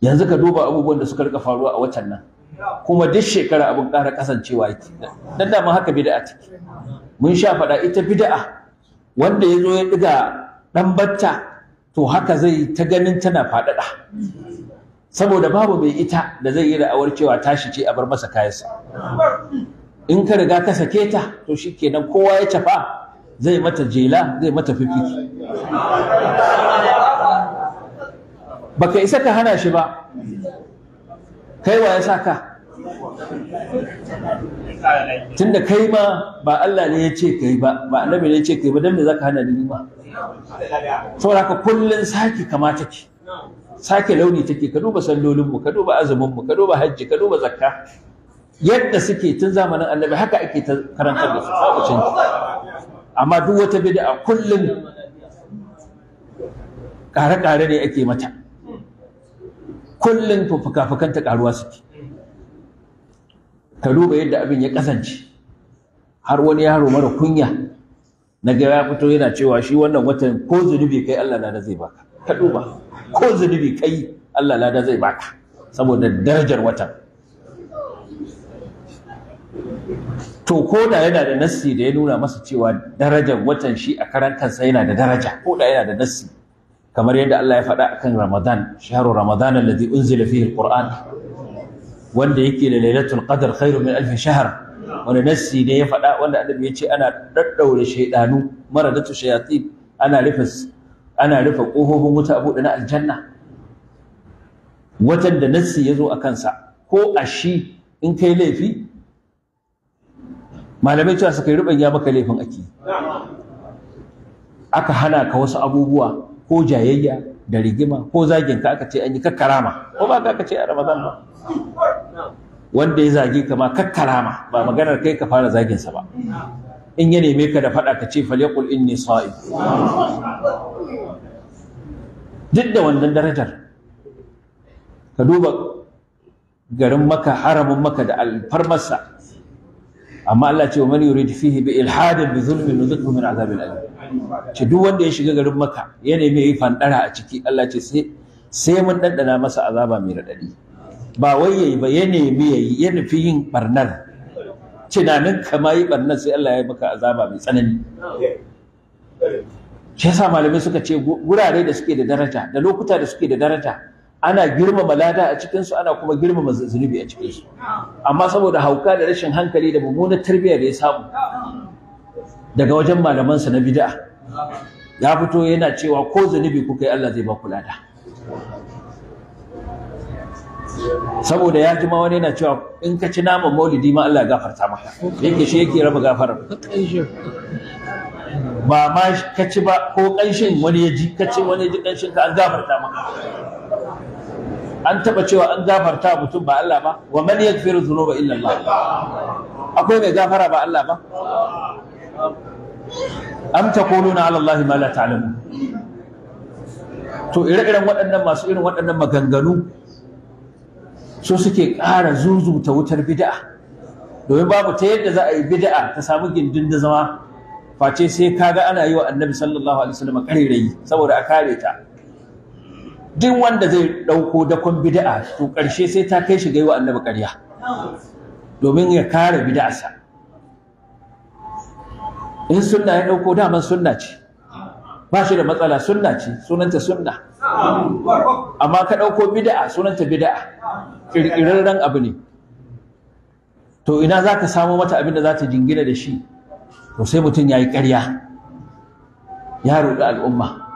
yanzu ka duba abubuwan da suka rika faruwa a watan nan kuma duk shekara abin ƙara kasancewa yake dan da mun haka bid'a take mun sha faɗa ita bid'a wanda ya zo ya ɗiga ɗan batta to haka zai ta ganin tana faɗaɗa saboda babu mai ita da zai yi ra'awar cewa tashi ce a bar masa kayansa in ka riga ka sake ta to shikenan kowa ya tafa zai mata jela zai mata fifiki baka isa ka hana shi ba kai wa ya saka tunda kai ma ba Allah ne ya ce kai ba ba annabi ne ya ce kai ba dan me zaka hana ni ma saboda ka kullun saki kamata ki sake launi take ka duba sallolinmu ka duba azuminmu ka duba hajji ka duba zakka yadda suke tun zamanin annabi haka ake ta karantar da su amma duk wata bid'a kullun ƙare-ƙare ne ake mata kullum to fuka-fukanta karuwa suke ka duba yadda abin ya kasance har wani yaro mara kunya na gaba ya fito yana cewa shi wannan watan ko zunubi kai Allah lada zai baka ka duba ko zunubi kai Allah lada zai baka saboda darajar watan to ko da yana da nassi da ya nuna masa cewa darajar watan shi a karan kansa yana da daraja ko da yana da nassi kamar yadda Allah ya faɗa akan Ramadan shahru Ramadan alladhi unzila fihi alquran wanda yake da lailatul qadr khairu min alf shahr wani nassi ne ya faɗa wanda annabi ya ce ana daddaure shaydanu maradatu shayatin ana rufe ana rufe ƙofofin wuta buɗe na aljanna watan da nassi ya zo a kansa ko ashi in kai laifi malamai cewa suka yi ya maka laifin ake aka hana ka wasu abubuwa ko jayayya da rigima ko zagin ka aka ce an yi kakkarama ko ba ka ce a ramadan ba wanda ya zage ka ma kakkarama ba maganar kai ka fara zagin sa ba in ya neme ka da faɗa ka ce falyaqul inni sa'im duk da wannan darajar ka duba garin maka haramin maka da alfarmarsa amma Allah ce wa man yurid fihi bi ilhadin bi zulmin nuzqhu min azabin alim ce duk wanda ya shiga garin Makka ya nemi yi fanɗara a ciki Allah ce sai mun dandana masa azaba mai raɗaɗi. ba wai yayi ba ya nemi yayi ya nufi yin barnar tunanin kama yi barnar sai Allah ya yi maka azaba mai tsanani shi yasa malamai suka ce gurare da suke da daraja da lokuta da suke da daraja ana girmama lada a cikinsu ana kuma girmama zunubi a cikinsu amma saboda hauka da rashin hankali da mummunar tarbiyya da ya samu daga wajen malamansa na bid'a ya fito yana cewa ko zunubi kuka yi Allah zai ba ku lada saboda ya jima wani yana cewa in ka ci naman maulidi ma Allah ya gafarta maka yake shi yake raba gafarar ba ma ka ci ba ko kanshin wani ya ji ka ci wani ya ji kanshin ka an gafarta maka an taba cewa an gafarta mutum ba Allah ba wa man yaghfiru dhunuba illa Allah akwai mai gafara ba Allah ba am taquluna ala Allah ma la ta'lamu to ire-iren waɗannan masu irin waɗannan maganganu so suke ƙara zuzuta wutar bid'a domin babu ta yadda za a yi bid'a ta samu gindin da zama face sai kaga ana yi wa annabi sallallahu alaihi wasallam ƙarerayi saboda a kare ta duk wanda zai ɗauko dakon bid'a to karshe sai ta kai shi ga yiwa annabi ƙarya domin ya kare bid'arsa in sunna ya da man sunna ce ba shi da matsala sunna ce sunanta sunna amma ka dauko bid'a sunanta bid'a kirkirarren abu ne to ina za ka samo mata abin da za ta jingina da shi to sai mutum ya yi ƙarya ya roƙi al'umma